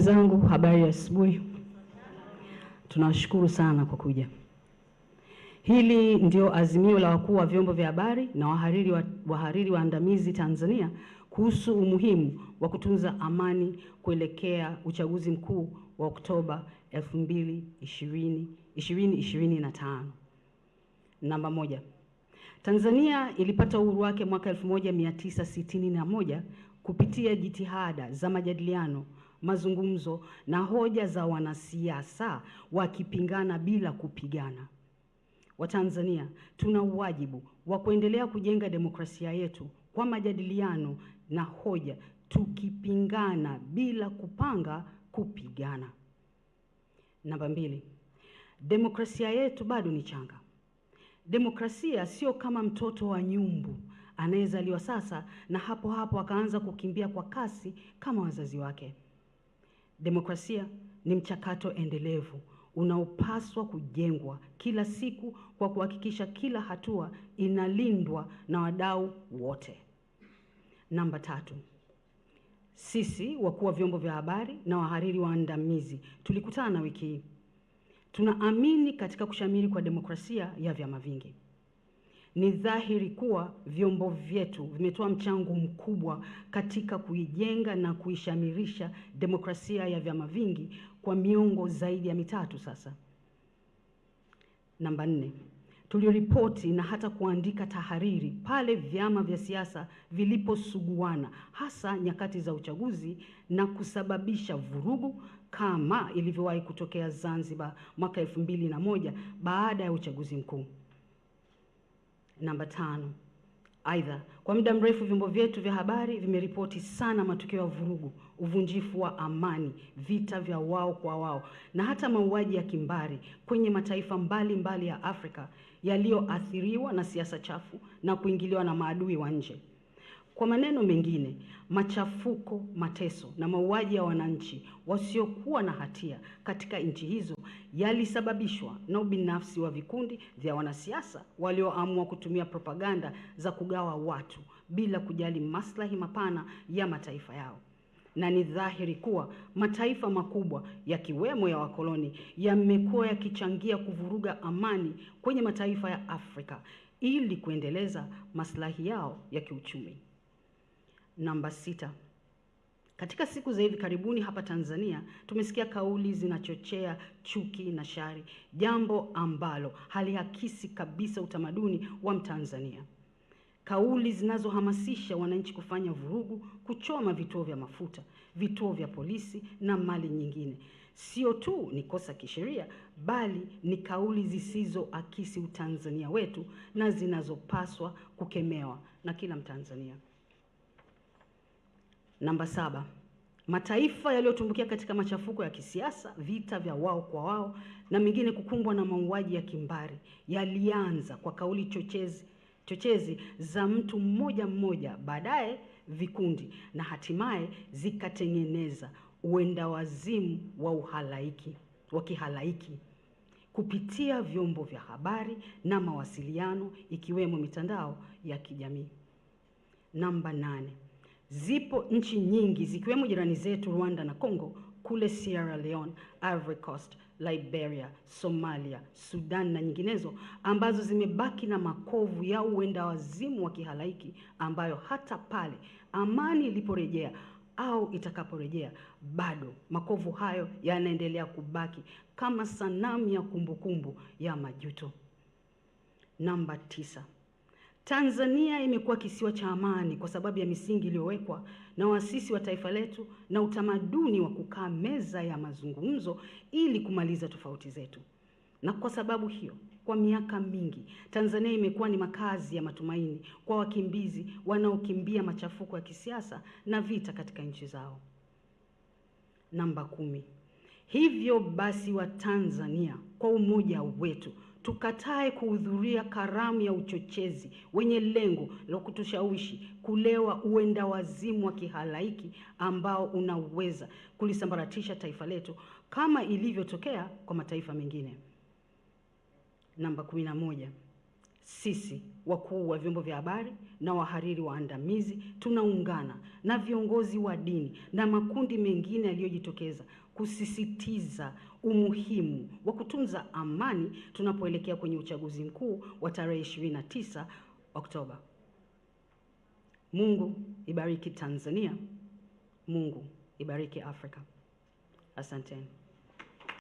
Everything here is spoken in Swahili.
Ndugu zangu, habari ya asubuhi. Tunashukuru sana kwa kuja. Hili ndio azimio la wakuu wa vyombo vya habari na wahariri, wa, wahariri waandamizi Tanzania kuhusu umuhimu wa kutunza amani kuelekea uchaguzi mkuu wa Oktoba 2020, 2025. Namba moja. Tanzania ilipata uhuru wake mwaka 1961 kupitia jitihada za majadiliano mazungumzo na hoja za wanasiasa wakipingana bila kupigana. Watanzania tuna uwajibu wa kuendelea kujenga demokrasia yetu kwa majadiliano na hoja, tukipingana bila kupanga kupigana. Namba mbili, demokrasia yetu bado ni changa. Demokrasia sio kama mtoto wa nyumbu anayezaliwa sasa na hapo hapo akaanza kukimbia kwa kasi kama wazazi wake. Demokrasia ni mchakato endelevu unaopaswa kujengwa kila siku kwa kuhakikisha kila hatua inalindwa na wadau wote. Namba tatu, sisi wakuu wa vyombo vya habari na wahariri waandamizi tulikutana wiki hii. Tunaamini katika kushamiri kwa demokrasia ya vyama vingi. Ni dhahiri kuwa vyombo vyetu vimetoa mchango mkubwa katika kuijenga na kuishamirisha demokrasia ya vyama vingi kwa miongo zaidi ya mitatu sasa. Namba nne, tuliripoti na hata kuandika tahariri pale vyama vya siasa viliposuguana, hasa nyakati za uchaguzi na kusababisha vurugu kama ilivyowahi kutokea Zanzibar mwaka elfu mbili na moja baada ya uchaguzi mkuu. Namba tano, aidha, kwa muda mrefu vyombo vyetu vya habari vimeripoti sana matukio ya vurugu, uvunjifu wa amani, vita vya wao kwa wao na hata mauaji ya kimbari kwenye mataifa mbalimbali mbali ya Afrika yaliyoathiriwa na siasa chafu na kuingiliwa na maadui wa nje. Kwa maneno mengine, machafuko, mateso na mauaji ya wananchi wasiokuwa na hatia katika nchi hizo yalisababishwa na ubinafsi wa vikundi vya wanasiasa walioamua kutumia propaganda za kugawa watu bila kujali maslahi mapana ya mataifa yao. Na ni dhahiri kuwa mataifa makubwa yakiwemo ya wakoloni yamekuwa yakichangia kuvuruga amani kwenye mataifa ya Afrika ili kuendeleza maslahi yao ya kiuchumi. Namba sita. Katika siku za hivi karibuni hapa Tanzania tumesikia kauli zinachochea chuki na shari, jambo ambalo halihakisi kabisa utamaduni wa Mtanzania. Kauli zinazohamasisha wananchi kufanya vurugu, kuchoma vituo vya mafuta, vituo vya polisi na mali nyingine, sio tu ni kosa kisheria, bali ni kauli zisizoakisi utanzania wetu na zinazopaswa kukemewa na kila Mtanzania. Namba saba, mataifa yaliyotumbukia katika machafuko ya kisiasa, vita vya wao kwa wao na mengine kukumbwa na mauaji ya kimbari yalianza kwa kauli chochezi chochezi za mtu mmoja mmoja, baadaye vikundi, na hatimaye zikatengeneza uenda wazimu wa uhalaiki wa kihalaiki kupitia vyombo vya habari na mawasiliano ikiwemo mitandao ya kijamii. Namba nane. Zipo nchi nyingi zikiwemo jirani zetu Rwanda na Congo, kule Sierra Leone, Ivory Coast, Liberia, Somalia, Sudan na nyinginezo ambazo zimebaki na makovu ya uenda wazimu wa kihalaiki ambayo hata pale amani iliporejea au itakaporejea bado makovu hayo yanaendelea kubaki kama sanamu ya kumbukumbu ya majuto. Namba tisa. Tanzania imekuwa kisiwa cha amani kwa sababu ya misingi iliyowekwa na waasisi wa taifa letu na utamaduni wa kukaa meza ya mazungumzo ili kumaliza tofauti zetu. Na kwa sababu hiyo, kwa miaka mingi Tanzania imekuwa ni makazi ya matumaini kwa wakimbizi wanaokimbia machafuko ya kisiasa na vita katika nchi zao. Namba kumi. Hivyo basi, Watanzania, kwa umoja wetu tukatae kuhudhuria karamu ya uchochezi wenye lengo la kutushawishi kulewa uenda wazimu wa kihalaiki ambao unaweza kulisambaratisha taifa letu kama ilivyotokea kwa mataifa mengine. Namba 11. Sisi wakuu wa vyombo vya habari na wahariri waandamizi tunaungana na viongozi wa dini na makundi mengine yaliyojitokeza kusisitiza umuhimu wa kutunza amani tunapoelekea kwenye uchaguzi mkuu wa tarehe 29 Oktoba. Mungu ibariki Tanzania. Mungu ibariki Afrika. Asanteni.